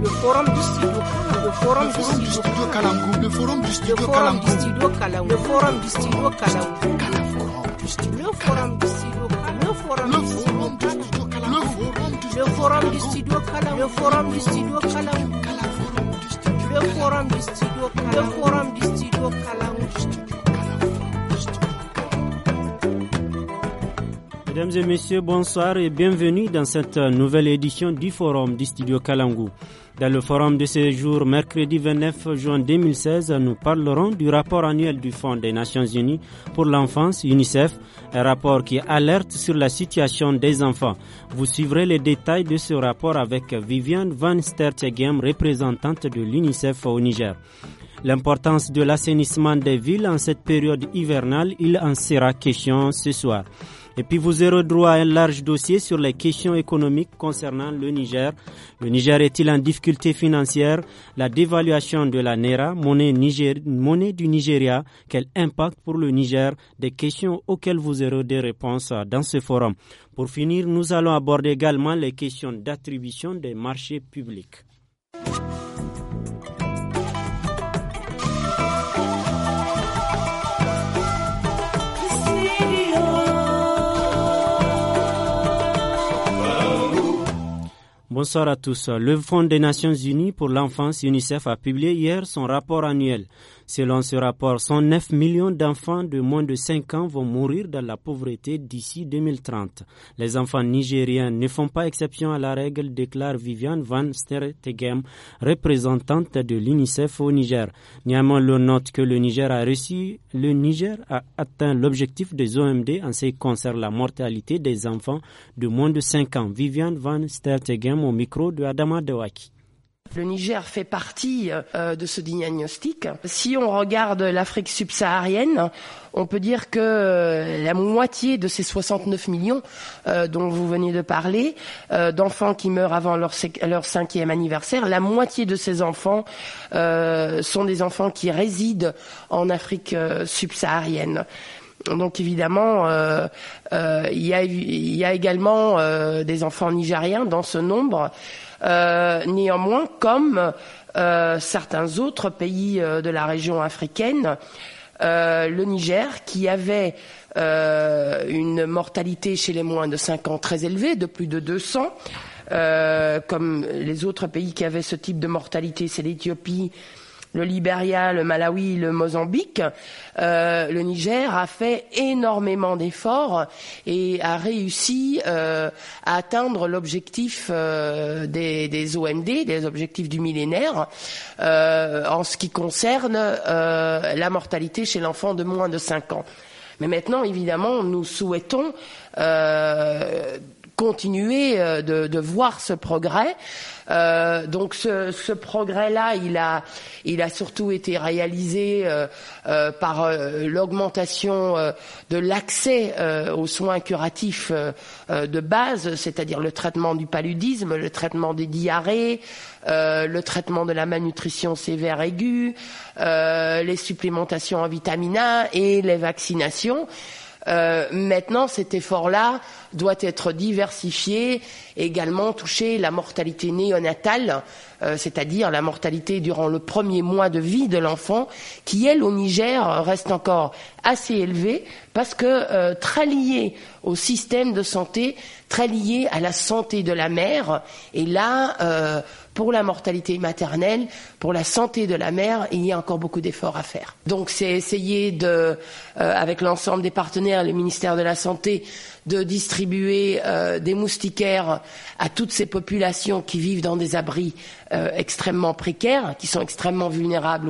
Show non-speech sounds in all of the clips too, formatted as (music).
le forum du studio le forum du studio le forum du studio le forum du studio Kalamgou le forum du studio le forum du studio le forum du studio Kalamgou le forum du studio Kalamgou le forum du studio le forum du studio Kalamgou Mesdames et messieurs, bonsoir et bienvenue dans cette nouvelle édition du Forum du Studio Kalangu. Dans le forum de ce jour, mercredi 29 juin 2016, nous parlerons du rapport annuel du Fonds des Nations Unies pour l'enfance, UNICEF, un rapport qui alerte sur la situation des enfants. Vous suivrez les détails de ce rapport avec Viviane Van Stertegem, représentante de l'UNICEF au Niger. L'importance de l'assainissement des villes en cette période hivernale, il en sera question ce soir. Et puis vous aurez droit à un large dossier sur les questions économiques concernant le Niger. Le Niger est-il en difficulté financière La dévaluation de la NERA, monnaie, monnaie du Nigeria, quel impact pour le Niger Des questions auxquelles vous aurez des réponses dans ce forum. Pour finir, nous allons aborder également les questions d'attribution des marchés publics. Bonsoir à tous. Le Fonds des Nations Unies pour l'enfance, UNICEF, a publié hier son rapport annuel Selon ce rapport, 109 millions d'enfants de moins de 5 ans vont mourir dans la pauvreté d'ici 2030. Les enfants nigériens ne font pas exception à la règle, déclare Viviane Van Stertegem, représentante de l'UNICEF au Niger. Néanmoins, le note que le Niger a reçu, le Niger a atteint l'objectif des OMD en ce qui concerne la mortalité des enfants de moins de 5 ans. Viviane Van Stertegem au micro de Adama Dewaki. Le Niger fait partie euh, de ce diagnostic. Si on regarde l'Afrique subsaharienne, on peut dire que euh, la moitié de ces 69 millions euh, dont vous venez de parler, d'enfants qui meurent avant leur, cinquième anniversaire, la moitié de ces enfants sont des enfants qui résident en Afrique subsaharienne. Donc évidemment, il, y a, également des enfants nigériens dans ce nombre. Euh, néanmoins, comme euh, certains autres pays euh, de la région africaine, le Niger, qui avait une mortalité chez les moins de cinq ans très élevée, de plus de 200, comme les autres pays qui avaient ce type de mortalité, c'est l'Éthiopie, le Libéria, le Malawi, le Mozambique, euh, le Niger a fait énormément d'efforts et a réussi euh, à atteindre l'objectif euh, des, des, OMD, des objectifs du millénaire, en ce qui concerne la mortalité chez l'enfant de moins de 5 ans. Mais maintenant, évidemment, nous souhaitons continuer euh, de, voir ce progrès. Euh, donc ce, progrès-là, il a, il a surtout été réalisé euh, par l'augmentation de l'accès aux soins curatifs de base, c'est-à-dire le traitement du paludisme, le traitement des diarrhées, le traitement de la malnutrition sévère aiguë, les supplémentations en vitamine A et les vaccinations. Euh, maintenant, cet effort-là doit être diversifié, également toucher la mortalité néonatale, euh, c'est-à-dire la mortalité durant le premier mois de vie de l'enfant, qui, elle, au Niger, reste encore assez élevée, parce que euh, très liée au système de santé, très liée à la santé de la mère, et là, pour la mortalité maternelle, pour la santé de la mère, il y a encore beaucoup d'efforts à faire. Donc c'est essayer de, euh, avec l'ensemble des partenaires, le ministère de la Santé, de distribuer euh, des moustiquaires à toutes ces populations qui vivent dans des abris euh, extrêmement précaires, qui sont extrêmement vulnérables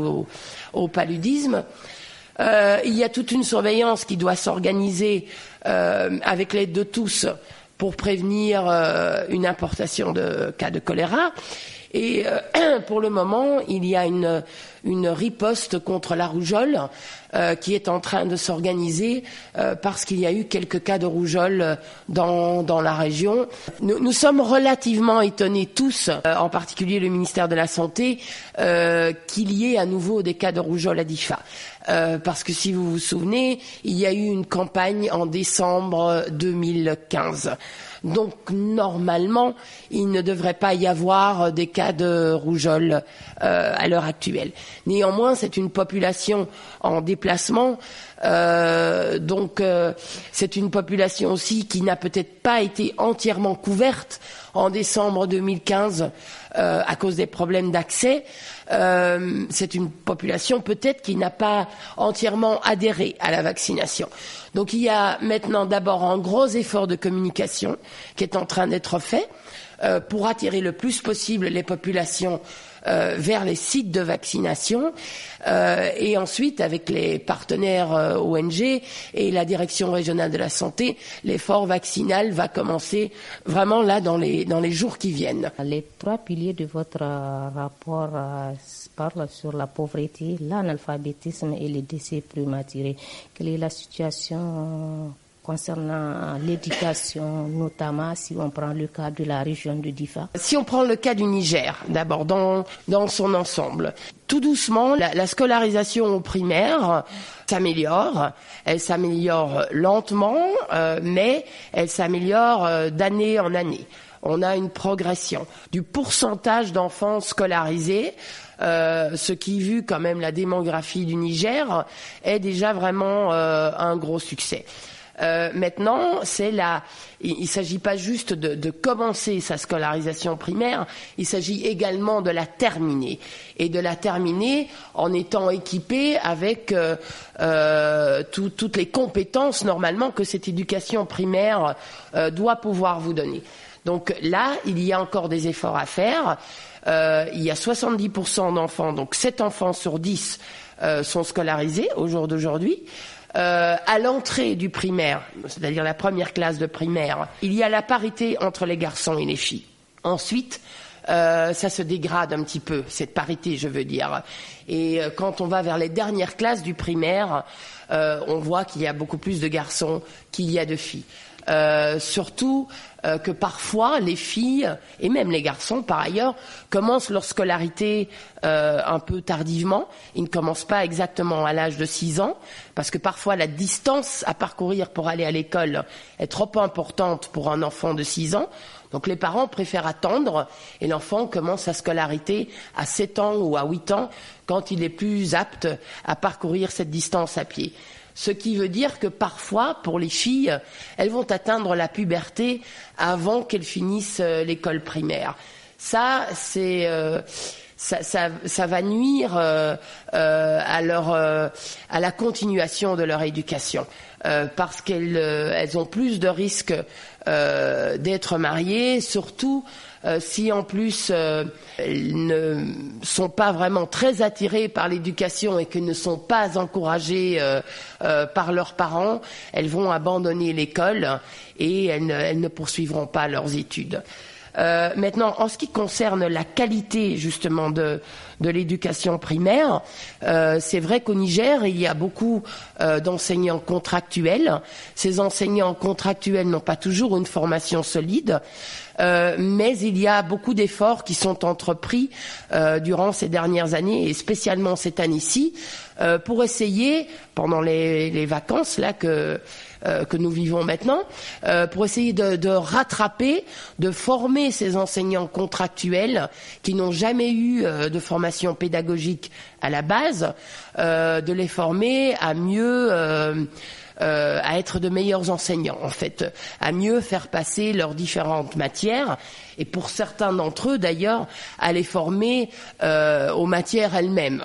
au paludisme. il y a toute une surveillance qui doit s'organiser avec l'aide de tous pour prévenir une importation de cas de choléra. Et euh, (clears throat) pour le moment, il y a une, riposte contre la rougeole euh, qui est en train de s'organiser euh, parce qu'il y a eu quelques cas de rougeole dans, la région. Nous, sommes relativement étonnés tous, en particulier le ministère de la Santé, qu'il y ait à nouveau des cas de rougeole à Difa. parce que si vous vous souvenez, il y a eu une campagne en décembre 2015. Donc normalement, il ne devrait pas y avoir euh, des cas de rougeole euh, à l'heure actuelle. Néanmoins, c'est une population en déplacement, euh, donc c'est une population aussi qui n'a peut-être pas été entièrement couverte en décembre 2015 à cause des problèmes d'accès. Euh, c'est une population peut-être qui n'a pas entièrement adhéré à la vaccination. Donc il y a maintenant d'abord un gros effort de communication qui est en train d'être fait euh, pour attirer le plus possible les populations euh, vers les sites de vaccination euh, et ensuite avec les partenaires euh, ONG et la direction régionale de la santé, l'effort vaccinal va commencer vraiment là dans les dans les jours qui viennent. Les trois piliers de votre euh, rapport parlent sur la pauvreté, l'analphabétisme et les décès prématurés. Quelle est la situation concernant l'éducation, notamment si on prend le cas de la région de Difa. Si on prend le cas du Niger, d'abord, dans, dans son ensemble, tout doucement, la, scolarisation au primaire s'améliore. Elle s'améliore lentement, euh, mais elle s'améliore euh, d'année en année. On a une progression du pourcentage d'enfants scolarisés. Euh, ce qui, vu quand même la démographie du Niger, est déjà vraiment un gros succès. Euh, maintenant, c'est la. Il, ne s'agit pas juste de, commencer sa scolarisation primaire. Il s'agit également de la terminer et de la terminer en étant équipé avec euh, euh, toutes les compétences normalement que cette éducation primaire doit pouvoir vous donner. Donc là, il y a encore des efforts à faire. il y a 70% d'enfants, donc 7 enfants sur 10 sont scolarisés au jour d'aujourd'hui. Euh, à l'entrée du primaire, c'est-à-dire la première classe de primaire, il y a la parité entre les garçons et les filles. Ensuite, euh, ça se dégrade un petit peu, cette parité, je veux dire. Et euh, quand on va vers les dernières classes du primaire, euh, on voit qu'il y a beaucoup plus de garçons qu'il y a de filles. Euh, surtout euh, que parfois les filles et même les garçons par ailleurs commencent leur scolarité euh, un peu tardivement. Ils ne commencent pas exactement à l'âge de 6 ans parce que parfois la distance à parcourir pour aller à l'école est trop importante pour un enfant de 6 ans. Donc les parents préfèrent attendre et l'enfant commence sa scolarité à 7 ans ou à 8 ans quand il est plus apte à parcourir cette distance à pied. Ce qui veut dire que parfois, pour les filles, elles vont atteindre la puberté avant qu'elles finissent euh, l'école primaire. Euh, ça, ça, va nuire euh, à la continuation de leur éducation parce qu'elles ont plus de risques d'être mariées, surtout euh, si en plus euh, elles ne sont pas vraiment très attirées par l'éducation et qu'ils ne sont pas encouragées euh, par leurs parents, elles vont abandonner l'école et elles ne poursuivront pas leurs études. Euh, maintenant, en ce qui concerne la qualité justement de, l'éducation primaire, euh, c'est vrai qu'au Niger, il y a beaucoup euh, d'enseignants contractuels. Ces enseignants contractuels n'ont pas toujours une formation solide. mais il y a beaucoup d'efforts qui sont entrepris durant ces dernières années et spécialement cette année-ci pour essayer, pendant les, les vacances là que euh, que nous vivons maintenant, euh, pour essayer de, rattraper, de former ces enseignants contractuels qui n'ont jamais eu euh, de formation pédagogique à la base, de les former à mieux. à être de meilleurs enseignants, en fait, à mieux faire passer leurs différentes matières, et pour certains d'entre eux d'ailleurs, à les former aux matières elles-mêmes.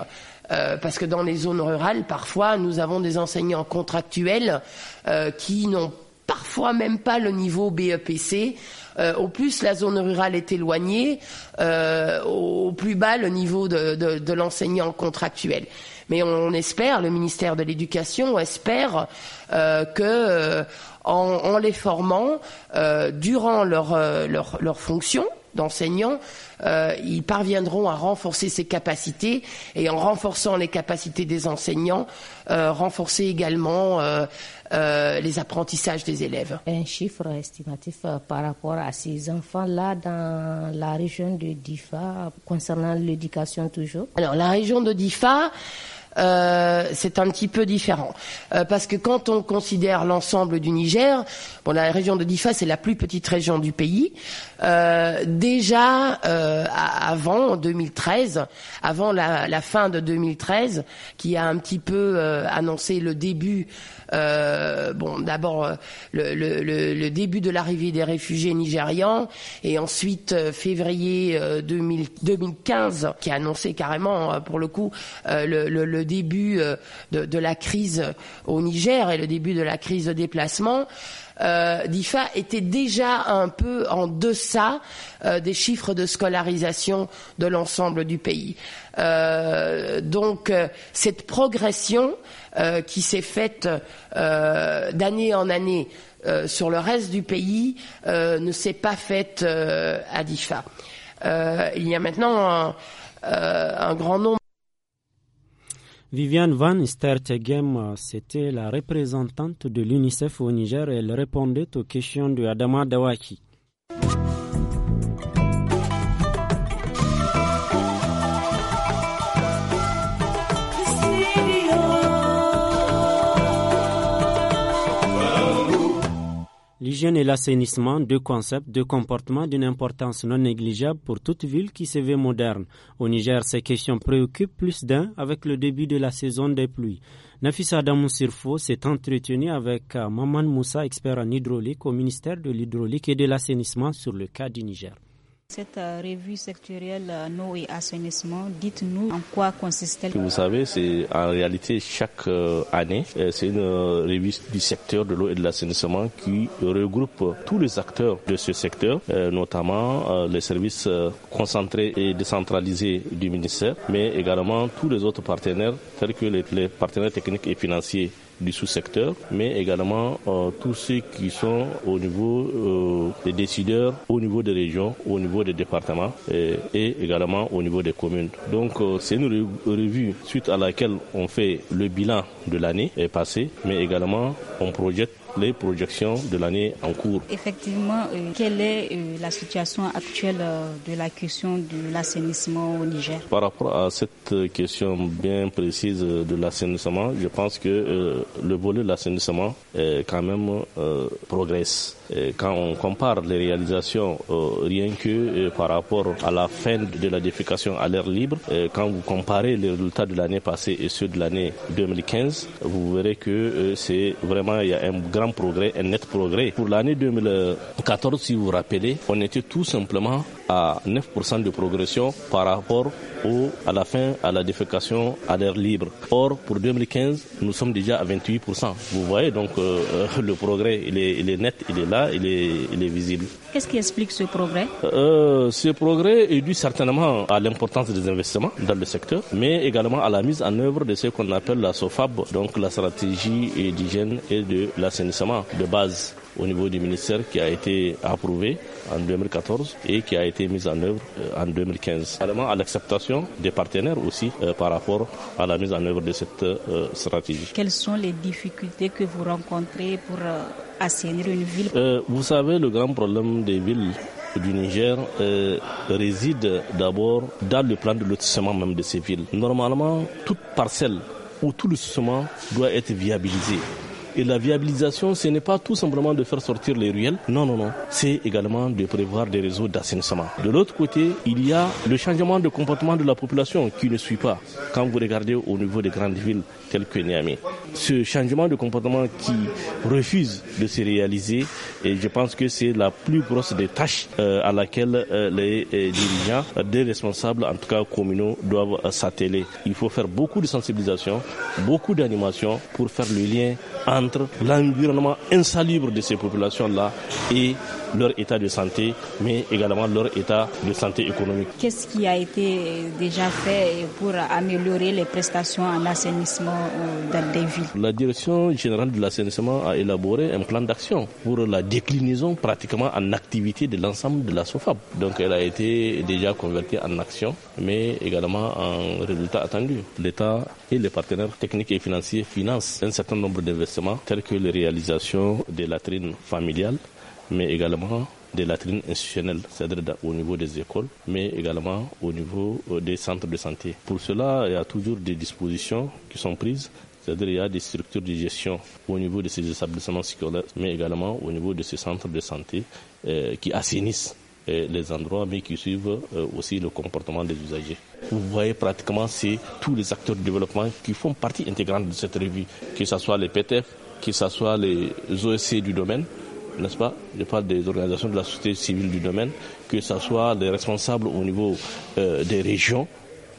Euh, parce que dans les zones rurales, parfois, nous avons des enseignants contractuels euh, qui n'ont parfois même pas le niveau BEPC. Euh, au plus la zone rurale est éloignée, au plus bas le niveau de, l'enseignant contractuel. Mais on, espère, le ministère de l'Éducation espère euh, que en, en, les formant durant leur, leur, leur fonction, d'enseignants, euh, ils parviendront à renforcer ces capacités et en renforçant les capacités des enseignants, euh, renforcer également euh, euh les apprentissages des élèves. Un chiffre estimatif euh, par rapport à ces enfants-là dans la région de Difa concernant l'éducation toujours Alors la région de Difa, euh, c'est un petit peu différent. Euh, parce que quand on considère l'ensemble du Niger, bon, la région de Difa, c'est la plus petite région du pays. Euh, déjà avant 2013, avant la, fin de 2013, qui a un petit peu annoncé le début, bon, d'abord le, début de l'arrivée des réfugiés nigérians, et ensuite février 2015, qui a annoncé carrément, pour le coup, le début euh, de, la crise au Niger et le début de la crise de déplacement, euh, DIFA était déjà un peu en deçà euh, des chiffres de scolarisation de l'ensemble du pays. donc cette progression qui s'est faite d'année en année sur le reste du pays ne s'est pas faite à DIFA. il y a maintenant un grand nombre Viviane Van Stertegem, euh, c'était la représentante de l'UNICEF au Niger. Elle répondait aux questions de Adama Dawaki. l'hygiène et l'assainissement, deux concepts, deux comportements d'une importance non négligeable pour toute ville qui se veut moderne. Au Niger, ces questions préoccupent plus d'un avec le début de la saison des pluies. Nafisa Adamou s'est entretenu avec euh, Maman Moussa, expert en hydraulique au ministère de l'hydraulique et de l'assainissement sur le cas du Niger. Cette euh, revue sectorielle eau et assainissement, dites-nous en quoi consiste-t-elle Vous savez, c'est en réalité chaque euh, année, euh, c'est une revue du secteur de l'eau et de l'assainissement qui regroupe tous les acteurs de ce secteur, notamment les services concentrés et décentralisés du ministère, mais également tous les autres partenaires tels que les partenaires techniques et financiers du sous-secteur, mais également euh, tous ceux qui sont au niveau euh, des décideurs, au niveau des régions, au niveau des départements et, également au niveau des communes. Donc euh, c'est une revue suite à laquelle on fait le bilan de l'année passée, mais également on projette les projections de l'année en cours. Effectivement, euh, quelle est euh, la situation actuelle euh, de la question de l'assainissement au Niger Par rapport à cette question bien précise de l'assainissement, je pense que le volet de l'assainissement quand même progresse quand on compare les réalisations euh, rien que euh, par rapport à la fin de la défication à l'air libre, quand vous comparez les résultats de l'année passée et ceux de l'année 2015, vous verrez que euh, c'est vraiment il y a un grand progrès, un net progrès. Pour l'année 2014, si vous vous rappelez, on était tout simplement à 9% de progression par rapport au, à la fin à la défécation à l'air libre. Or, pour 2015, nous sommes déjà à 28%. Vous voyez donc euh, euh, le progrès, il est, net, il est là, il est, il est visible. Qu'est-ce qui explique ce progrès euh, Ce progrès est dû certainement à l'importance des investissements dans le secteur, mais également à la mise en œuvre de ce qu'on appelle la SOFAB, donc la stratégie d'hygiène et de l'assainissement de base au niveau du ministère qui a été approuvé en 2014 et qui a été mise en œuvre euh, en 2015. Allemand à l'acceptation des partenaires aussi euh, par rapport à la mise en œuvre de cette euh, stratégie. Quelles sont les difficultés que vous rencontrez pour assainir une ville Vous savez, le grand problème des villes du Niger réside d'abord dans le plan de lotissement même de ces villes. Normalement, toute parcelle ou tout lotissement doit être viabilisé. Et la viabilisation, ce n'est pas tout simplement de faire sortir les ruelles. Non, non, non. C'est également de prévoir des réseaux d'assainissement. De l'autre côté, il y a le changement de comportement de la population qui ne suit pas. Quand vous regardez au niveau des grandes villes telles que Niamey, ce changement de comportement qui refuse de se réaliser, et je pense que c'est la plus grosse des tâches euh, à laquelle euh, les euh, dirigeants, des responsables, en tout cas communaux, doivent s'atteler. Il faut faire beaucoup de sensibilisation, beaucoup d'animation pour faire le lien entre entre l'environnement insalubre de ces populations-là et leur état de santé, mais également leur état de santé économique. Qu'est-ce qui a été euh, déjà fait pour améliorer les prestations en assainissement euh, dans des villes La direction générale de l'assainissement a élaboré un plan d'action pour la déclinaison pratiquement en activité de l'ensemble de la Sofab. Donc elle a été déjà convertie en action, mais également en résultat attendu. L'État et les partenaires techniques et financiers financent un certain nombre d'investissements tels que la réalisation des latrines familiales, mais également des latrines institutionnelles, c'est-à-dire au niveau des écoles, mais également au niveau euh, des centres de santé. Pour cela, il y a toujours des dispositions qui sont prises c'est-à-dire il y a des structures de gestion au niveau de ces établissements scolaires, mais également au niveau de ces centres de santé euh, qui assainissent euh, les endroits, mais qui suivent aussi le comportement des usagers. Vous voyez pratiquement, c'est tous les acteurs de développement qui font partie intégrante de cette revue, que ce soit les PTF, que ce soit les OSC du domaine, n'est-ce pas Je parle des organisations de la société civile du domaine, que ce soit les responsables au niveau euh, des régions,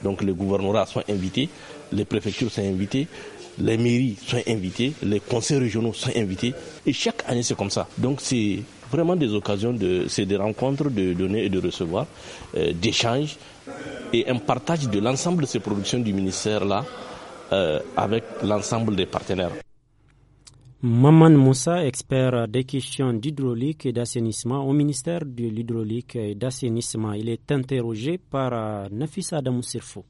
donc les gouvernements sont invités, les préfectures sont invitées, les mairies sont invitées, les conseils régionaux sont invités. Et chaque année, c'est comme ça. Donc c'est vraiment des occasions, de, c'est des rencontres de donner et de recevoir, euh, d'échanges et un partage de l'ensemble de ces productions du ministère-là euh, avec l'ensemble des partenaires. Maman Moussa, expert des questions d'hydraulique et d'assainissement au ministère de l'hydraulique et d'assainissement, il est interrogé par euh, Nafisa Adam Sirfo.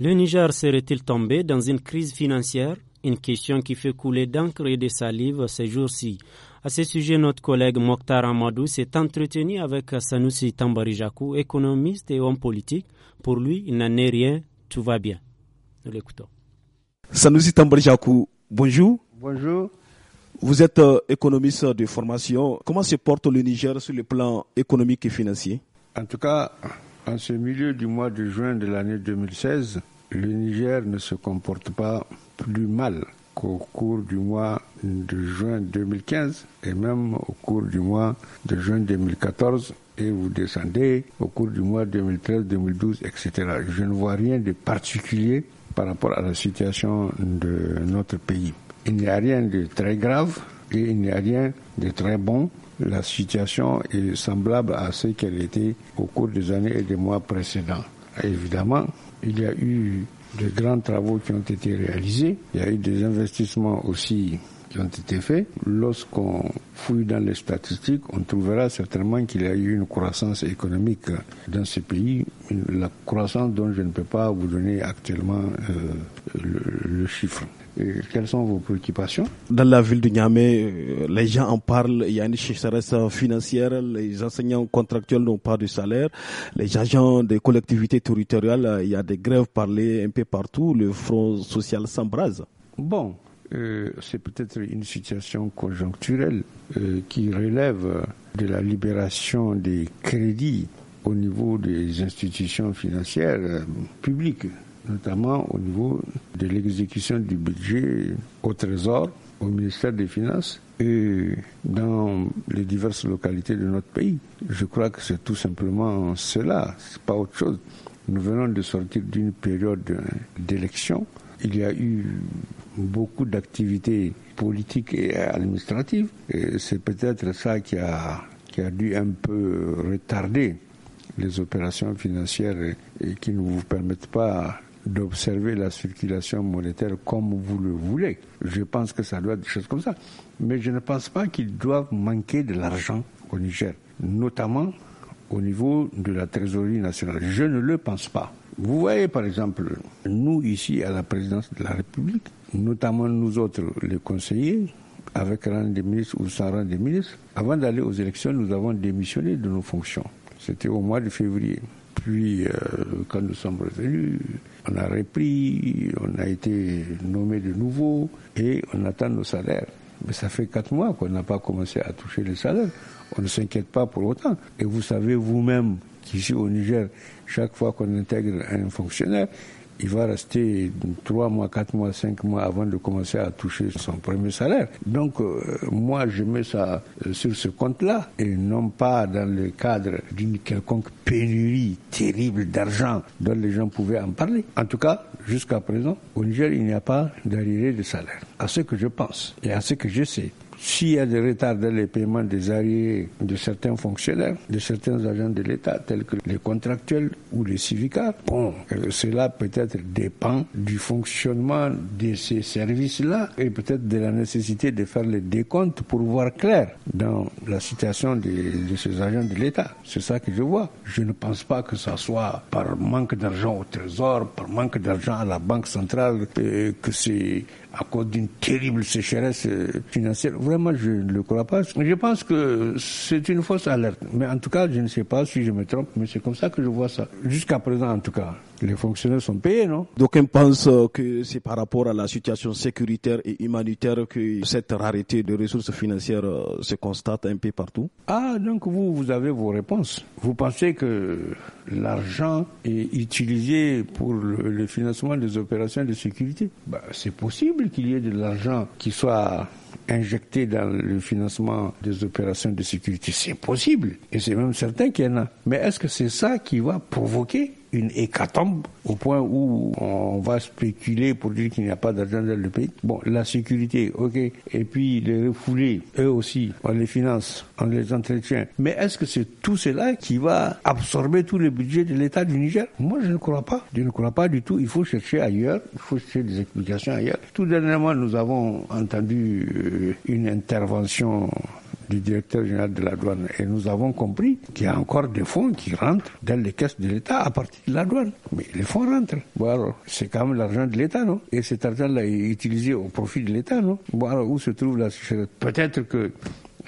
Le Niger serait-il tombé dans une crise financière Une question qui fait couler d'encre et de salive ces jours-ci. À ce sujet, notre collègue Mokhtar Amadou s'est entretenu avec Sanusi Tambarijakou, économiste et homme politique. Pour lui, il n'en est rien, tout va bien. Nous l'écoutons. Sanusi Tambarijakou, bonjour. Bonjour. Vous êtes euh, économiste de formation. Comment se porte le Niger sur le plan économique et financier En tout cas, en ce milieu du mois de juin de l'année 2016, le Niger ne se comporte pas plus mal qu'au cours du mois de juin 2015 et même au cours du mois de juin 2014 et vous descendez au cours du mois 2013, 2012, etc. Je ne vois rien de particulier par rapport à la situation de notre pays. Il n'y a rien de très grave et il n'y a rien de très bon. La situation est semblable à ce qu'elle était au cours des années et des mois précédents. Évidemment, il y a eu des grands travaux qui ont été réalisés. Il y a eu des investissements aussi qui ont été faits. Lorsqu'on fouille dans les statistiques, on trouvera certainement qu'il y a eu une croissance économique dans ce pays, la croissance dont je ne peux pas vous donner actuellement euh, le chiffre quelles sont vos préoccupations Dans la ville de Niamey, euh, les gens en parlent, il y a une sécheresse financière, les enseignants contractuels n'ont pas de salaire, les agents des collectivités territoriales, il y a des grèves parlées un peu partout, le front social s'embrase. Bon, euh, c'est peut-être une situation conjoncturelle euh, qui relève de la libération des crédits au niveau des institutions financières publiques notamment au niveau de l'exécution du budget au Trésor, au ministère des Finances et dans les diverses localités de notre pays. Je crois que c'est tout simplement cela, c'est pas autre chose. Nous venons de sortir d'une période d'élection. Il y a eu beaucoup d'activités politiques et administratives. Et c'est peut-être ça qui a, qui a dû un peu retarder les opérations financières et, et qui ne vous permettent pas d'observer la circulation monétaire comme vous le voulez. Je pense que ça doit être des choses comme ça. Mais je ne pense pas qu'ils doivent manquer de l'argent au Niger, notamment au niveau de la trésorerie nationale. Je ne le pense pas. Vous voyez, par exemple, nous ici à la présidence de la République, notamment nous autres, les conseillers, avec rang des ministres ou sans rang des ministres, avant d'aller aux élections, nous avons démissionné de nos fonctions. C'était au mois de février. Puis, euh, quand nous sommes revenus, on a repris, on a été nommé de nouveau et on attend nos salaires. Mais ça fait quatre mois qu'on n'a pas commencé à toucher les salaires. On ne s'inquiète pas pour autant. Et vous savez vous-même qu'ici au Niger, chaque fois qu'on intègre un fonctionnaire, il va rester 3 mois, 4 mois, 5 mois avant de commencer à toucher son premier salaire. Donc euh, moi, je mets ça euh, sur ce compte-là et non pas dans le cadre d'une quelconque pénurie terrible d'argent dont les gens pouvaient en parler. En tout cas, jusqu'à présent, au Niger, il n'y a pas d'arrivée de salaire. À ce que je pense et à ce que je sais. S'il y a des retards dans les paiements des arriérés de certains fonctionnaires, de certains agents de l'État, tels que les contractuels ou les civicards, bon, euh, cela peut-être dépend du fonctionnement de ces services-là et peut-être de la nécessité de faire les décomptes pour voir clair dans la situation de, ces agents de l'État. C'est ça que je vois. Je ne pense pas que ça soit par manque d'argent au trésor, par manque d'argent à la Banque centrale, euh, que c'est à cause d'une terrible sécheresse euh, financière. Vraiment, je ne le crois pas. Je pense que c'est une fausse alerte. Mais en tout cas, je ne sais pas si je me trompe, mais c'est comme ça que je vois ça. Jusqu'à présent, en tout cas les fonctionnaires sont payés, non D'aucuns pensent que c'est par rapport à la situation sécuritaire et humanitaire que cette rareté de ressources financières euh, se constate un peu partout. Ah, donc vous, vous avez vos réponses. Vous pensez que l'argent est utilisé pour le, financement des opérations de sécurité bah, C'est possible qu'il y ait de l'argent qui soit injecté dans le financement des opérations de sécurité. C'est possible. Et c'est même certain qu'il y en a. Mais est-ce que c'est ça qui va provoquer une hécatombe au point où on va spéculer pour dire qu'il n'y a pas d'argent dans le pays. Bon, la sécurité, ok. Et puis les refoulés, eux aussi, on les finance, on les entretient. Mais est-ce que c'est tout cela qui va absorber tout le budget de l'État du Niger Moi, je ne crois pas. Je ne crois pas du tout. Il faut chercher ailleurs. Il faut chercher des explications ailleurs. Tout dernièrement, nous avons entendu euh, une intervention du directeur général de la douane. Et nous avons compris qu'il y a encore des fonds qui rentrent dans les caisses de l'État à partir de la douane. Mais les fonds rentrent. Bon alors, c'est quand même l'argent de l'État, non Et cet argent-là est utilisé au profit de l'État, non Bon alors, où se trouve la Peut-être que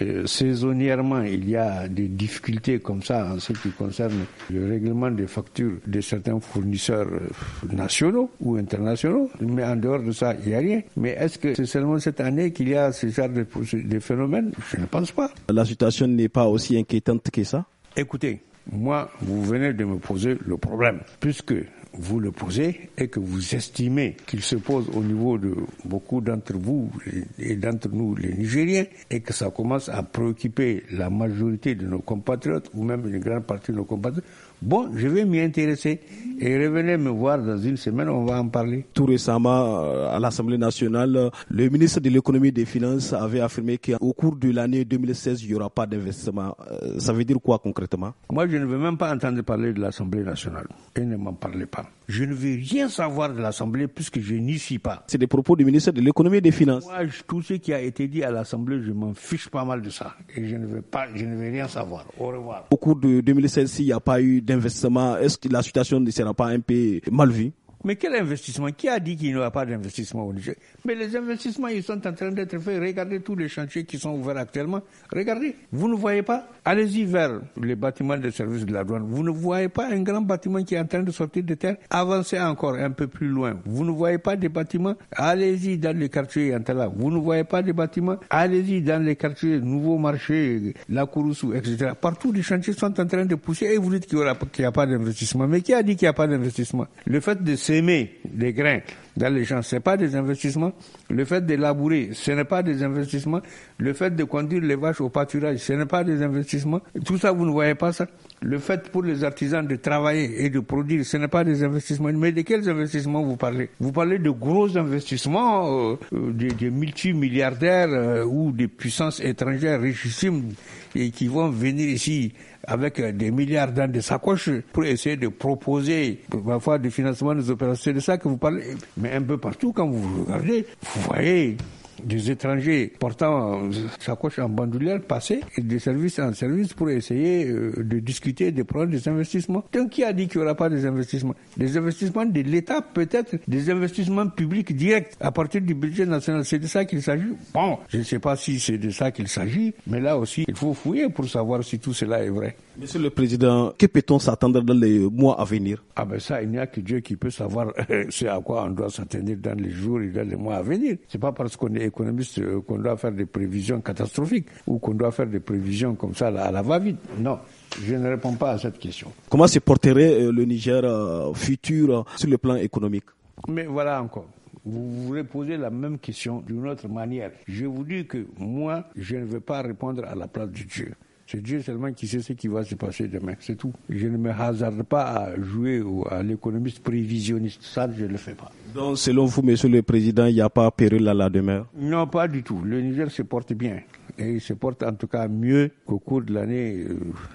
euh, saisonnièrement, il y a des difficultés comme ça en ce qui concerne le règlement des factures de certains fournisseurs euh, nationaux ou internationaux. Mais en dehors de ça, il n'y a rien. Mais est-ce que c'est seulement cette année qu'il y a ce genre de, de phénomène Je ne pense pas. La situation n'est pas aussi inquiétante que ça Écoutez, moi, vous venez de me poser le problème, puisque vous le posez et que vous estimez qu'il se pose au niveau de beaucoup d'entre vous et d'entre nous les Nigériens et que ça commence à préoccuper la majorité de nos compatriotes ou même une grande partie de nos compatriotes, Bon, je vais m'y intéresser et revenez me voir dans une semaine, on va en parler. Tout récemment, euh, à l'Assemblée nationale, le ministre de l'économie et des finances avait affirmé qu'au cours de l'année 2016, il n'y aura pas d'investissement. Euh, ça veut dire quoi concrètement Moi, je ne veux même pas entendre parler de l'Assemblée nationale. Et ne m'en parlez pas. Je ne veux rien savoir de l'Assemblée puisque je n'y suis pas. C'est des propos du ministre de l'économie et des finances. Moi, tout ce qui a été dit à l'Assemblée, je m'en fiche pas mal de ça. Et je ne veux pas, je ne veux rien savoir. Au revoir. Au cours de 2016, il n'y a pas eu d'investissement, est-ce que la situation ne sera pas un peu mal vue mais quel investissement Qui a dit qu'il n'y a pas d'investissement au Niger Mais les investissements, ils sont en train d'être faits. Regardez tous les chantiers qui sont ouverts actuellement. Regardez, vous ne voyez pas Allez-y vers les bâtiments de services de la douane. Vous ne voyez pas un grand bâtiment qui est en train de sortir de terre Avancez encore un peu plus loin. Vous ne voyez pas des bâtiments Allez-y dans les quartiers Yantala. Vous ne voyez pas des bâtiments Allez-y dans les quartiers Nouveau Marché, La Couroussou, etc. Partout, les chantiers sont en train de pousser et vous dites qu'il n'y a, pas d'investissement. Mais qui a dit qu'il n'y a pas d'investissement Le fait de aimer des grains dans les champs, ce n'est pas des investissements. Le fait de labourer, ce n'est pas des investissements. Le fait de conduire les vaches au pâturage, ce n'est pas des investissements. Tout ça, vous ne voyez pas ça. Le fait pour les artisans de travailler et de produire, ce n'est pas des investissements. Mais de quels investissements vous parlez Vous parlez de gros investissements, euh, euh, de des, multimilliardaires euh, ou de puissances étrangères richissimes et qui vont venir ici avec euh, des milliards dans des sacoches pour essayer de proposer parfois du financement des opérations. C'est de ça que vous parlez. Mais un peu partout, quand vous regardez, vous voyez des étrangers portant euh, coche en bandoulière passer de service en service pour essayer euh, de discuter, de prendre des investissements. Donc qui a dit qu'il n'y aura pas des investissements Des investissements de l'État peut-être, des investissements publics directs à partir du budget national. C'est de ça qu'il s'agit. Bon, je ne sais pas si c'est de ça qu'il s'agit, mais là aussi, il faut fouiller pour savoir si tout cela est vrai. Monsieur le Président, que peut-on s'attendre dans les mois à venir Ah ben ça, il n'y a que Dieu qui peut savoir (laughs) ce à quoi on doit s'attendre dans les jours et dans les mois à venir. C'est pas parce qu'on est économiste euh, qu'on doit faire des prévisions catastrophiques ou qu'on doit faire des prévisions comme ça à la va-vite. Non. Je ne réponds pas à cette question. Comment se porterait euh, le Niger euh, futur sur le plan économique Mais voilà encore vous voulez poser la même question d'une autre manière. Je vous dis que moi, je ne veux pas répondre à la place du Dieu. C'est Dieu seulement qui sait ce qui va se passer demain, c'est tout. Je ne me hasarde pas à jouer à l'économiste prévisionniste, ça je ne le fais pas. Donc selon vous, Monsieur le Président, il n'y a pas péril à la demeure Non, pas du tout. L'univers se porte bien et il se porte en tout cas mieux qu'au cours de l'année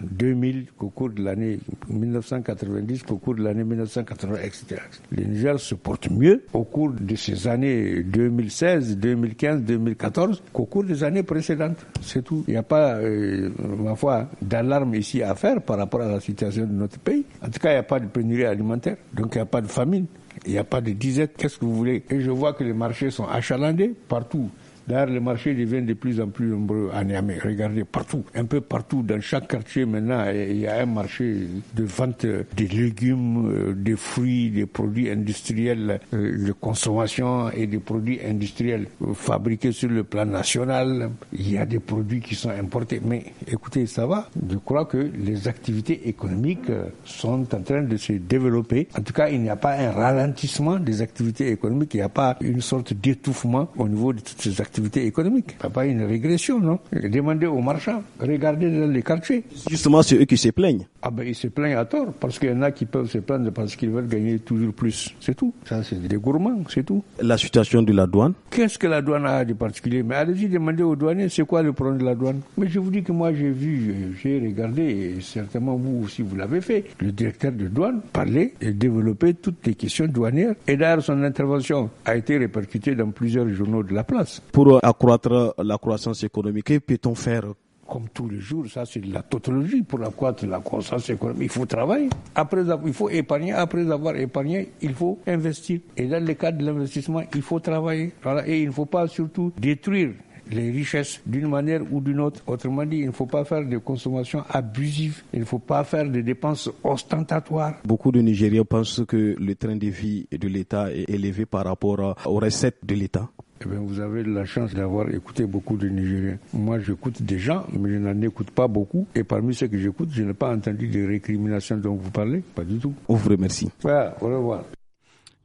2000, euh, qu'au cours de l'année 1990, qu'au cours de l'année 1980, etc. Le Niger se porte mieux au cours de ces années 2016, 2015, 2014 qu'au cours des années précédentes. C'est tout. Il n'y a pas, euh, ma foi, d'alarme ici à faire par rapport à la situation de notre pays. En tout cas, il n'y a pas de pénurie alimentaire, donc il n'y a pas de famine. Il n'y a pas de disette, qu'est-ce que vous voulez Et je vois que les marchés sont achalandés partout. D'ailleurs, les marchés deviennent de plus en plus nombreux à Niamey. Regardez partout, un peu partout, dans chaque quartier maintenant, il y a un marché de vente des légumes, euh, des fruits, des produits industriels euh, de consommation et des produits industriels fabriqués sur le plan national. Il y a des produits qui sont importés. Mais écoutez, ça va. Je crois que les activités économiques euh, sont en train de se développer. En tout cas, il n'y a pas un ralentissement des activités économiques. Il n'y a pas une sorte d'étouffement au niveau de toutes ces activités activité économique. Pas pas une régression, non Demandez aux marchands, regardez dans les quartiers. Justement, c'est eux qui se plaignent. Ah ben, ils se plaignent à tort, parce qu'il y en a qui peuvent se plaindre parce qu'ils veulent gagner toujours plus. C'est tout. Ça, c'est des gourmands, c'est tout. La situation de la douane Qu'est-ce que la douane a de particulier Mais allez-y demandez aux douaniers, c'est quoi le problème de la douane Mais je vous dis que moi, j'ai vu, j'ai regardé, et certainement vous aussi, vous l'avez fait, le directeur de douane parlait et développait toutes les questions douanières. Et d'ailleurs, son intervention a été répercutée dans plusieurs journaux de la place pour accroître la croissance économique, que peut-on faire comme tous les jours, ça c'est la tautologie. Pour accroître la croissance économique, il faut travailler. Après, il faut épargner. Après avoir épargné, il faut investir. Et dans le cadre de l'investissement, il faut travailler. Et il ne faut pas surtout détruire les richesses d'une manière ou d'une autre. Autrement dit, il ne faut pas faire de consommation abusive, il ne faut pas faire de dépenses ostentatoires. Beaucoup de Nigériens pensent que le train de vie de l'État est élevé par rapport aux recettes de l'État. Eh ben, vous avez la chance d'avoir écouté beaucoup de Nigériens. Moi, j'écoute des gens, mais je n'en écoute pas beaucoup. Et parmi ceux que j'écoute, je n'ai pas entendu des récriminations dont vous parlez. Pas du tout. On vous remercie. Voilà, au revoir.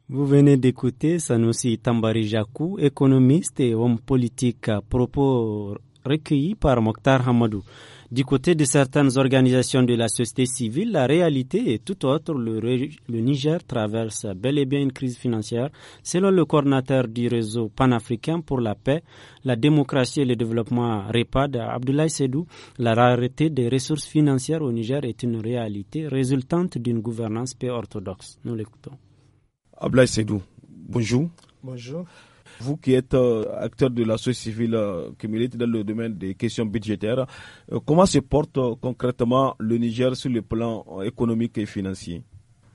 Vous venez d'écouter Sanoussi Tambari Jakou, économiste et homme politique, à propos recueillis par Mokhtar Hamadou. Du côté de certaines organisations de la société civile, la réalité est tout autre. Le, Niger traverse bel et bien une crise financière. Selon le coordinateur du réseau panafricain pour la paix, la démocratie et le développement REPAD, Abdoulaye Sédou, la rareté des ressources financières au Niger est une réalité résultante d'une gouvernance peu orthodoxe. Nous l'écoutons. Abdoulaye Sédou, bonjour. Bonjour. Vous qui êtes euh, acteur de la société civile euh, qui milite dans le domaine des questions budgétaires, euh, comment se porte concrètement le Niger sur le plan économique et financier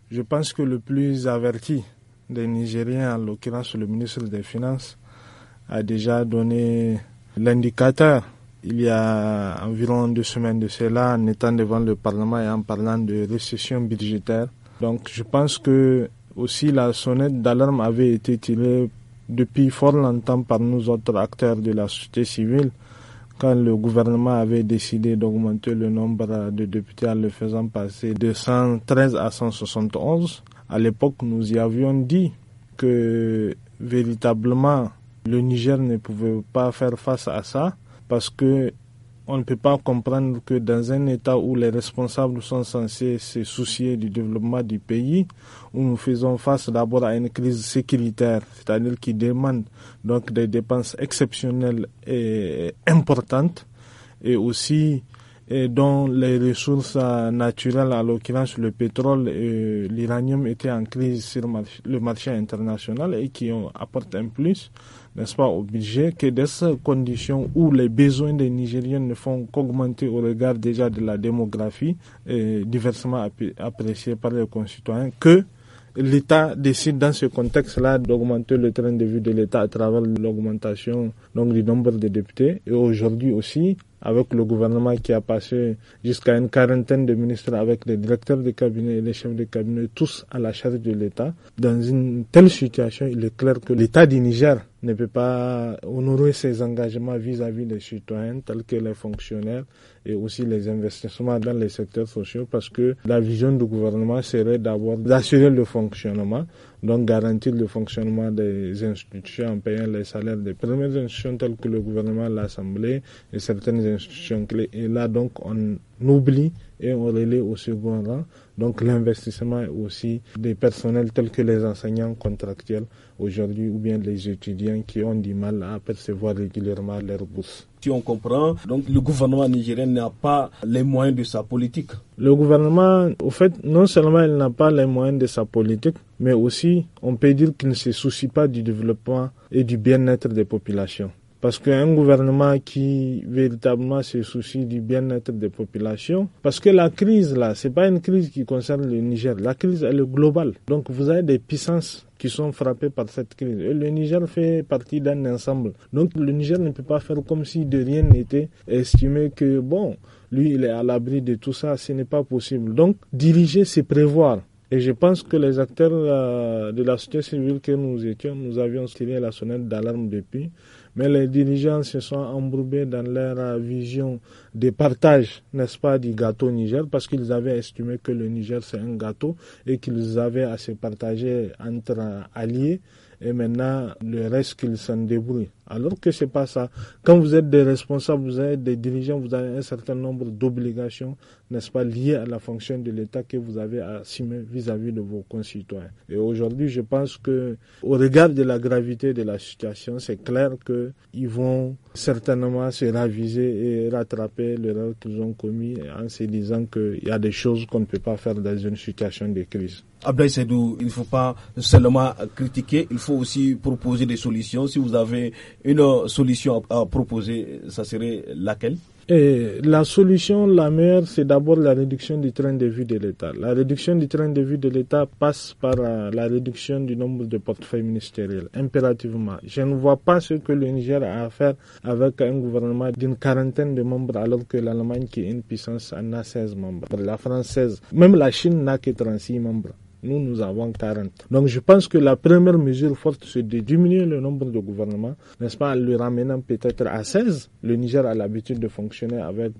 Je pense que le plus averti des Nigériens, en l'occurrence le ministre des Finances, a déjà donné l'indicateur il y a environ deux semaines de cela en étant devant le Parlement et en parlant de récession budgétaire. Donc je pense que aussi la sonnette d'alarme avait été tirée depuis fort longtemps par nous autres acteurs de la société civile quand le gouvernement avait décidé d'augmenter le nombre de députés en le faisant passer de 113 à 171. À l'époque, nous y avions dit que véritablement le Niger ne pouvait pas faire face à ça parce que on ne peut pas comprendre que dans un État où les responsables sont censés se soucier du développement du pays, où nous faisons face d'abord à une crise sécuritaire, c'est-à-dire qui demande donc des dépenses exceptionnelles et importantes, et aussi dont les ressources naturelles, à l'occurrence le pétrole et l'uranium, étaient en crise sur le marché international et qui apportent un plus n'est-ce pas, obligé, que dans ces conditions où les besoins des Nigériens ne font qu'augmenter au regard déjà de la démographie, et euh, diversement appréciée par les concitoyens, que l'État décide dans ce contexte-là d'augmenter le train de vue de l'État à travers l'augmentation donc, du nombre de députés. Et aujourd'hui aussi, avec le gouvernement qui a passé jusqu'à une quarantaine de ministres avec les directeurs de cabinet et les chefs de cabinet, tous à la charge de l'État, dans une telle situation, il est clair que l'État du Niger ne peut pas honorer ses engagements vis-à-vis des citoyens, tels que les fonctionnaires et aussi les investissements dans les secteurs sociaux, parce que la vision du gouvernement serait d'abord d'assurer le fonctionnement donc garantir le fonctionnement des institutions en payant les salaires des premières institutions telles que le gouvernement, l'Assemblée et certaines institutions clés. Et là, donc, on oublie et on relaie au second rang. Donc, l'investissement aussi des personnels tels que les enseignants contractuels aujourd'hui ou bien les étudiants qui ont du mal à percevoir régulièrement leurs bourses. Si on comprend, donc le gouvernement nigérien n'a pas les moyens de sa politique. Le gouvernement, au fait, non seulement il n'a pas les moyens de sa politique, mais aussi on peut dire qu'il ne se soucie pas du développement et du bien-être des populations. Parce qu'un gouvernement qui véritablement se soucie du bien-être des populations, parce que la crise là, c'est pas une crise qui concerne le Niger, la crise elle est globale. Donc vous avez des puissances qui sont frappés par cette crise. le Niger fait partie d'un ensemble. Donc le Niger ne peut pas faire comme si de rien n'était estimé que, bon, lui, il est à l'abri de tout ça, ce n'est pas possible. Donc diriger, c'est prévoir. Et je pense que les acteurs euh, de la société civile que nous étions, nous avions tiré la sonnette d'alarme depuis mais les dirigeants se sont embourbés dans leur vision de partage, n'est-ce pas, du gâteau Niger, parce qu'ils avaient estimé que le Niger c'est un gâteau et qu'ils avaient à se partager entre alliés, et maintenant le reste qu'ils s'en débrouillent. Alors que c'est pas ça. Quand vous êtes des responsables, vous êtes des dirigeants, vous avez un certain nombre d'obligations, n'est-ce pas, liées à la fonction de l'État que vous avez à assumer vis-à-vis de vos concitoyens. Et aujourd'hui, je pense que, au regard de la gravité de la situation, c'est clair qu'ils vont certainement se raviser et rattraper l'erreur qu'ils ont commis en se disant qu'il y a des choses qu'on ne peut pas faire dans une situation de crise. il faut pas seulement critiquer, il faut aussi proposer des solutions. Si vous avez une solution à, proposer, ça serait laquelle la solution la meilleure, c'est d'abord la réduction du train de vue de l'État. La réduction du train de vue de l'État passe par euh, la réduction du nombre de portefeuilles ministériels, impérativement. Je ne vois pas ce que le Niger a à faire avec un gouvernement d'une quarantaine de membres, alors que l'Allemagne, qui est une puissance, en a 16 membres. La France même la Chine n'a que 36 membres. Nous, nous avons 40. Donc, je pense que la première mesure forte, c'est de diminuer le nombre de gouvernements, n'est-ce pas, en le ramenant peut-être à 16. Le Niger a l'habitude de fonctionner avec 16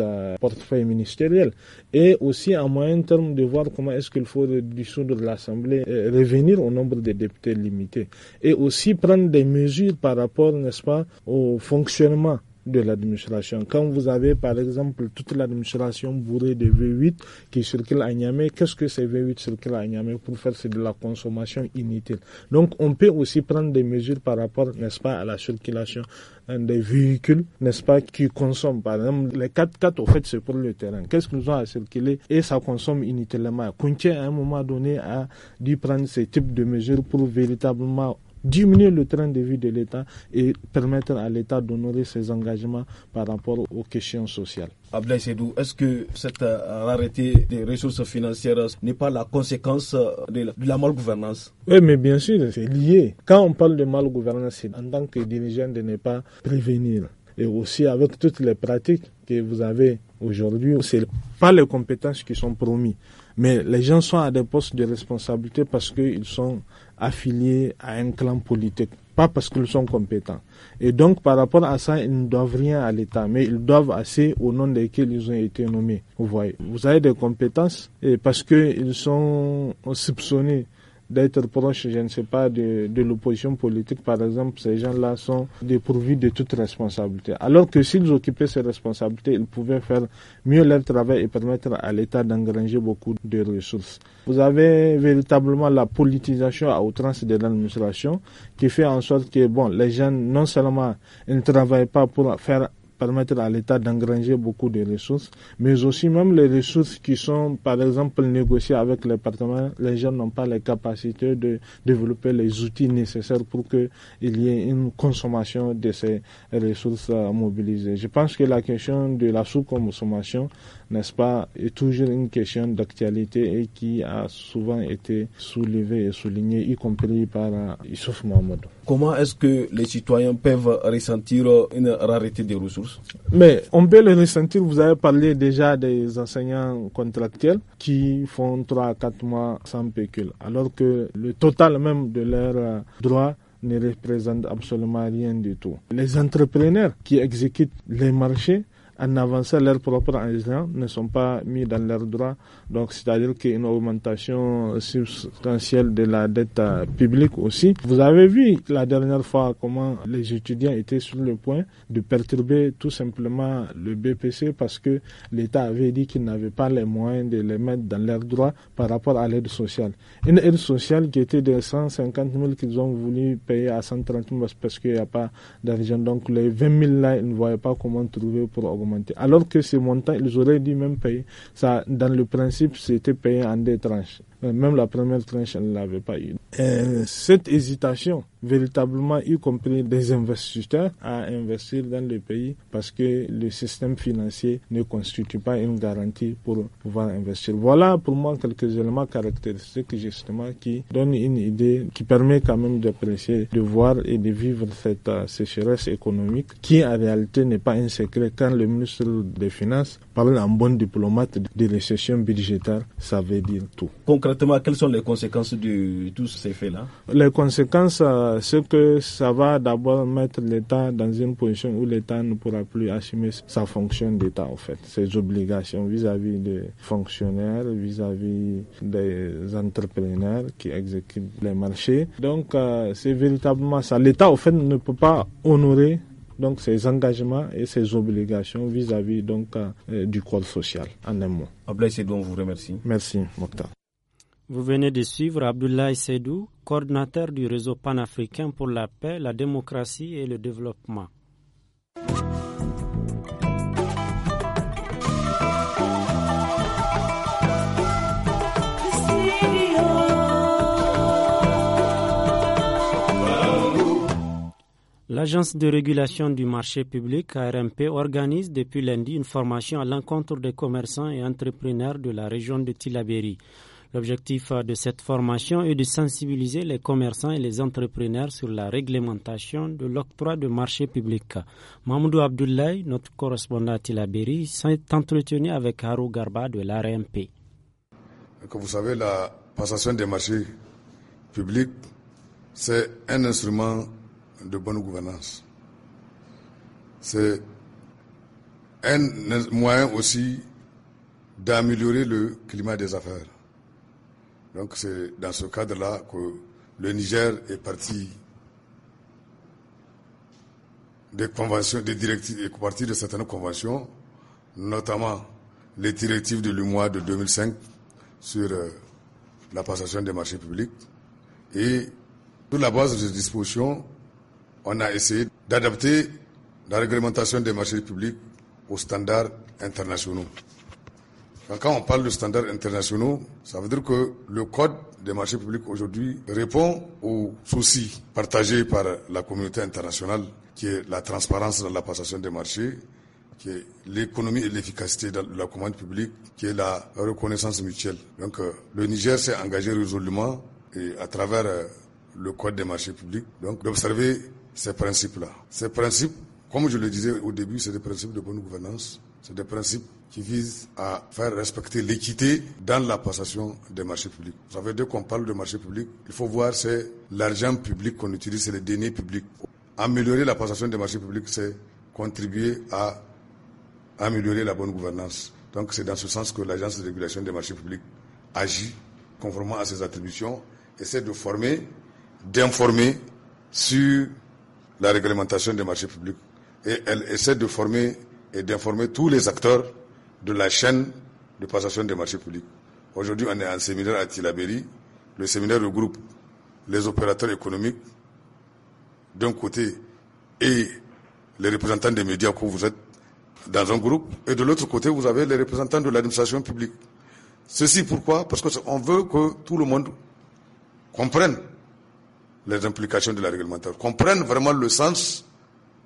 euh, euh, portefeuilles ministériels. Et aussi, à moyen terme, de voir comment est-ce qu'il faut dissoudre l'Assemblée euh, revenir au nombre de députés limités. Et aussi prendre des mesures par rapport, n'est-ce pas, au fonctionnement de l'administration. Quand vous avez, par exemple, toute l'administration bourrée de V8 qui circule à Niamey, qu'est-ce que ces V8 circulent à Niamey pour faire C'est de la consommation inutile. Donc, on peut aussi prendre des mesures par rapport, n'est-ce pas, à la circulation euh, des véhicules, n'est-ce pas, qui consomment. Par exemple, les 4x4, au fait, c'est pour le terrain. Qu'est-ce nous ont à circuler Et ça consomme inutilement. Kunche, à un moment donné, à dû prendre ce type de mesures pour véritablement diminuer le train de vie de l'État et permettre à l'État d'honorer ses engagements par rapport aux questions sociales. Abdel est-ce que cette euh, rareté des ressources financières n'est pas la conséquence euh, de la, gouvernance? malgouvernance Oui, mais bien sûr, c'est lié. Quand on parle de malgouvernance, c'est en tant que dirigeant de ne pas prévenir. Et aussi avec toutes les pratiques que vous avez aujourd'hui, ce n'est pas les compétences qui sont promises. Mais les gens sont à des postes de responsabilité parce qu'ils sont affiliés à un clan politique, pas parce qu'ils sont compétents. Et donc, par rapport à ça, ils ne doivent rien à l'État, mais ils doivent assez au nom desquels ils ont été nommés. Vous voyez, vous avez des compétences et parce qu'ils sont soupçonnés d'être proche, je ne sais pas, de, de l'opposition politique, par exemple, ces gens-là sont dépourvus de toute responsabilité. Alors que s'ils occupaient ces responsabilités, ils pouvaient faire mieux leur travail et permettre à l'État d'engranger beaucoup de ressources. Vous avez véritablement la politisation à outrance de l'administration qui fait en sorte que, bon, les gens, non seulement ne travaillent pas pour faire permettre à l'État d'engranger beaucoup de ressources, mais aussi même les ressources qui sont, par exemple, négociées avec les partenaires. Les gens n'ont pas les capacités de développer les outils nécessaires pour qu'il y ait une consommation de ces ressources euh, mobilisées. Je pense que la question de la sous-consommation n'est-ce pas, est toujours une question d'actualité et qui a souvent été soulevée et soulignée, y compris par Issouf euh, Mohamed. Comment est-ce que les citoyens peuvent ressentir euh, une rareté des ressources Mais on peut le ressentir, vous avez parlé déjà des enseignants contractuels qui font 3 à 4 mois sans pécule, alors que le total même de leurs euh, droits ne représente absolument rien du tout. Les entrepreneurs qui exécutent les marchés en avançant leurs propres agents ne sont pas mis dans leurs droits. Donc, c'est-à-dire qu'une augmentation substantielle de la dette euh, publique aussi. Vous avez vu la dernière fois comment les étudiants étaient sur le point de perturber tout simplement le BPC parce que l'État avait dit qu'il n'avait pas les moyens de les mettre dans leurs droits par rapport à l'aide sociale. Une aide sociale qui était de 150 000 qu'ils ont voulu payer à 130 000 parce qu'il n'y a pas d'argent. Donc, les 20 000 là, ils ne voyaient pas comment trouver pour augmenter alors que ces montants, ils auraient dû même payer. Ça, dans le principe, c'était payé en deux tranches. Euh, même la première tranche, elle ne l'avait pas eu. Et euh, cette hésitation, véritablement, y compris des investisseurs, à investir dans le pays parce que le système financier ne constitue pas une garantie pour pouvoir investir. Voilà pour moi quelques éléments caractéristiques justement qui donnent une idée, qui permet quand même d'apprécier, de voir et de vivre cette euh, sécheresse économique qui en réalité n'est pas un secret. Quand le ministre des Finances parle en bon diplomate de récession budgétaire, ça veut dire tout quelles sont les conséquences de tous ces faits-là Les conséquences, euh, c'est que ça va d'abord mettre l'État dans une position où l'État ne pourra plus assumer sa fonction d'État, en fait, ses obligations vis-à-vis des fonctionnaires, vis-à-vis des entrepreneurs qui exécutent les marchés. Donc, euh, c'est véritablement ça. L'État, en fait, ne peut pas honorer donc ses engagements et ses obligations vis-à-vis donc euh, du corps social en un mot. Ablaï, c'est vous remercie. Merci, Mokhtar. Vous venez de suivre Abdoulaye Sedou, coordinateur du réseau panafricain pour la paix, la démocratie et le développement. L'Agence de régulation du marché public, ARMP, organise depuis lundi une formation à l'encontre des commerçants et entrepreneurs de la région de Tilabéry. L'objectif de cette formation est de sensibiliser les commerçants et les entrepreneurs sur la réglementation de l'octroi de marchés publics. Mahmoudou Abdoulaye, notre correspondant à Tilaberi, s'est entretenu avec Harou Garba de l'ARMP. Comme vous savez, la passation des marchés publics, c'est un instrument de bonne gouvernance. C'est un moyen aussi d'améliorer le climat des affaires. Donc c'est dans ce cadre-là que le Niger est parti des conventions, des directives, de certaines conventions, notamment les directives de l'UMOA de 2005 sur euh, la passation des marchés publics. Et sur la base de ces dispositions, on a essayé d'adapter la réglementation des marchés publics aux standards internationaux. Quand on parle de standards internationaux, ça veut dire que le code des marchés publics aujourd'hui répond aux soucis partagés par la communauté internationale, qui est la transparence dans la passation des marchés, qui est l'économie et l'efficacité de la commande publique, qui est la reconnaissance mutuelle. Donc euh, le Niger s'est engagé résolument et à travers euh, le code des marchés publics, donc d'observer ces principes-là. Ces principes, comme je le disais au début, c'est des principes de bonne gouvernance, c'est des principes qui vise à faire respecter l'équité dans la passation des marchés publics. Vous savez, dès qu'on parle de marché public, il faut voir c'est l'argent public qu'on utilise, c'est les deniers publics. Améliorer la passation des marchés publics, c'est contribuer à améliorer la bonne gouvernance. Donc c'est dans ce sens que l'Agence de régulation des marchés publics agit conformément à ses attributions, essaie de former, d'informer sur la réglementation des marchés publics. Et elle essaie de former et d'informer tous les acteurs de la chaîne de passation des marchés publics. Aujourd'hui, on est en séminaire à Tilaberi. Le séminaire regroupe les opérateurs économiques d'un côté et les représentants des médias que vous êtes dans un groupe, et de l'autre côté, vous avez les représentants de l'administration publique. Ceci pourquoi Parce qu'on veut que tout le monde comprenne les implications de la réglementation, comprenne vraiment le sens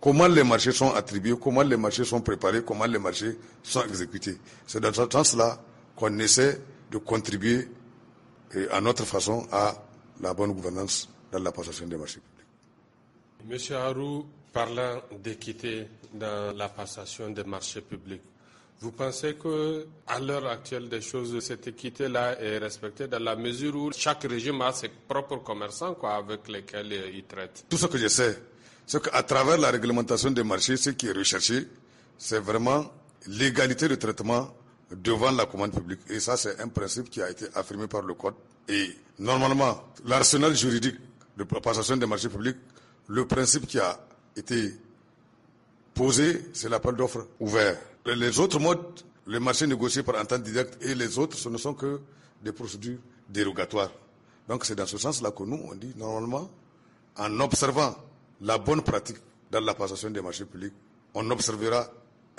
comment les marchés sont attribués, comment les marchés sont préparés, comment les marchés sont exécutés. C'est dans ce sens-là qu'on essaie de contribuer et à notre façon à la bonne gouvernance dans la passation des marchés publics. Monsieur Harou, parlant d'équité dans la passation des marchés publics, vous pensez que, à l'heure actuelle des choses, cette équité-là est respectée dans la mesure où chaque régime a ses propres commerçants avec lesquels il traite Tout ce que je sais, c'est qu'à travers la réglementation des marchés, ce qui est recherché, c'est vraiment l'égalité de traitement devant la commande publique. Et ça, c'est un principe qui a été affirmé par le Code. Et normalement, l'arsenal juridique de passation des marchés publics, le principe qui a été posé, c'est l'appel d'offres ouvert. Les autres modes, les marchés négociés par entente directe et les autres, ce ne sont que des procédures dérogatoires. Donc c'est dans ce sens-là que nous, on dit normalement, en observant la bonne pratique dans la passation des marchés publics, on observera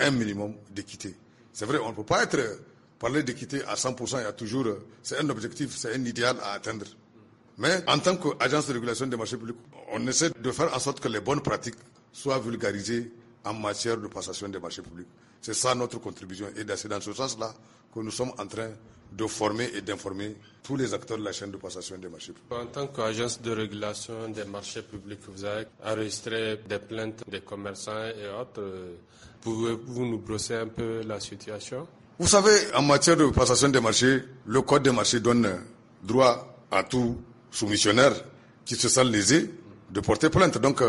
un minimum d'équité. C'est vrai, on ne peut pas être parler d'équité à 100%, il y a toujours, c'est un objectif, c'est un idéal à atteindre. Mais en tant qu'agence de régulation des marchés publics, on essaie de faire en sorte que les bonnes pratiques soient vulgarisées en matière de passation des marchés publics. C'est ça notre contribution. Et c'est dans ce sens-là que nous sommes en train de former et d'informer tous les acteurs de la chaîne de passation des marchés En tant qu'agence de régulation des marchés publics, vous avez enregistré des plaintes des commerçants et autres. Pouvez-vous nous brosser un peu la situation Vous savez, en matière de passation des marchés, le Code des marchés donne droit à tout soumissionnaire qui se sent lésé de porter plainte. Donc,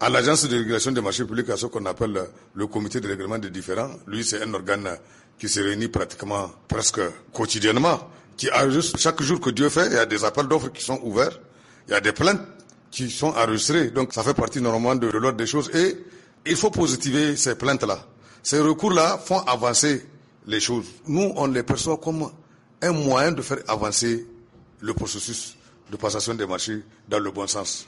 à l'agence de régulation des marchés publics, à ce qu'on appelle le comité de règlement des différents, lui, c'est un organe qui se réunit pratiquement presque quotidiennement, qui juste chaque jour que Dieu fait, il y a des appels d'offres qui sont ouverts, il y a des plaintes qui sont enregistrées. Donc ça fait partie normalement de, l'ordre des choses et il faut positiver ces plaintes-là. Ces recours-là font avancer les choses. Nous, on les perçoit comme un moyen de faire avancer le processus de passation des marchés dans le bon sens.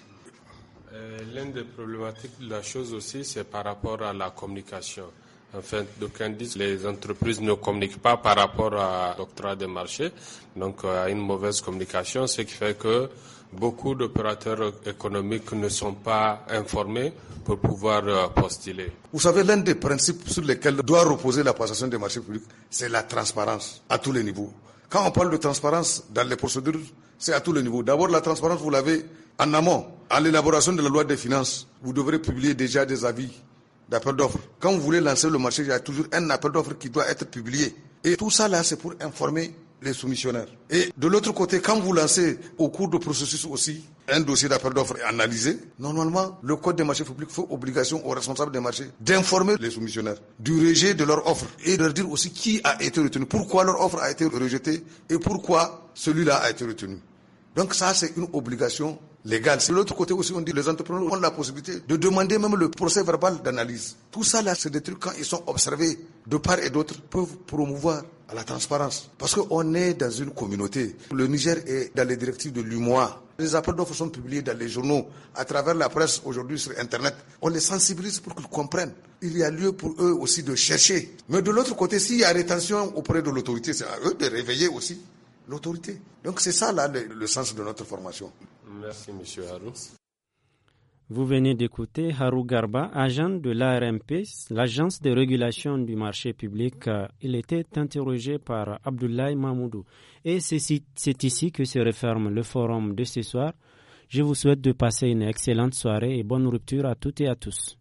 Euh, L'une des problématiques de la chose aussi, c'est par rapport à la communication. Enfin, d'aucuns disent les entreprises ne communiquent pas par rapport à l'octroi des marchés, donc euh, à une mauvaise communication, ce qui fait que beaucoup d'opérateurs économiques ne sont pas informés pour pouvoir euh, postuler. Vous savez, l'un des principes sur lesquels doit reposer la passation des marchés publics, c'est la transparence à tous les niveaux. Quand on parle de transparence dans les procédures, c'est à tous les niveaux. D'abord, la transparence, vous l'avez en amont. À l'élaboration de la loi des finances, vous devrez publier déjà des avis d'appel d'offres. Quand vous voulez lancer le marché, il y a toujours un appel d'offres qui doit être publié. Et tout ça là, c'est pour informer les soumissionnaires. Et de l'autre côté, quand vous lancez au cours du processus aussi un dossier d'appel d'offres analysé, normalement, le Code des marchés publics fait obligation aux responsables des marchés d'informer les soumissionnaires du rejet de leur offre et de leur dire aussi qui a été retenu, pourquoi leur offre a été rejetée et pourquoi celui-là a été retenu. Donc ça, c'est une obligation légal. De l'autre côté aussi, on dit les entrepreneurs ont la possibilité de demander même le procès verbal d'analyse. Tout ça là, c'est des trucs quand ils sont observés de part et d'autre peuvent promouvoir à la transparence. Parce qu'on est dans une communauté. Le Niger est dans les directives de l'UMOA. Les appels d'offres sont publiés dans les journaux, à travers la presse aujourd'hui sur Internet. On les sensibilise pour qu'ils comprennent. Il y a lieu pour eux aussi de chercher. Mais de l'autre côté, s'il y a rétention auprès de l'autorité, c'est à eux de réveiller aussi l'autorité. Donc c'est ça là le sens de notre formation. Merci, Monsieur Harou. Vous venez d'écouter Harou Garba, agent de l'ARMP, l'agence de régulation du marché public. Euh, il était interrogé par Abdoulaye Mahmoudou. Et c'est ici que se referme le forum de ce soir. Je vous souhaite de passer une excellente soirée et bonne rupture à toutes et à tous.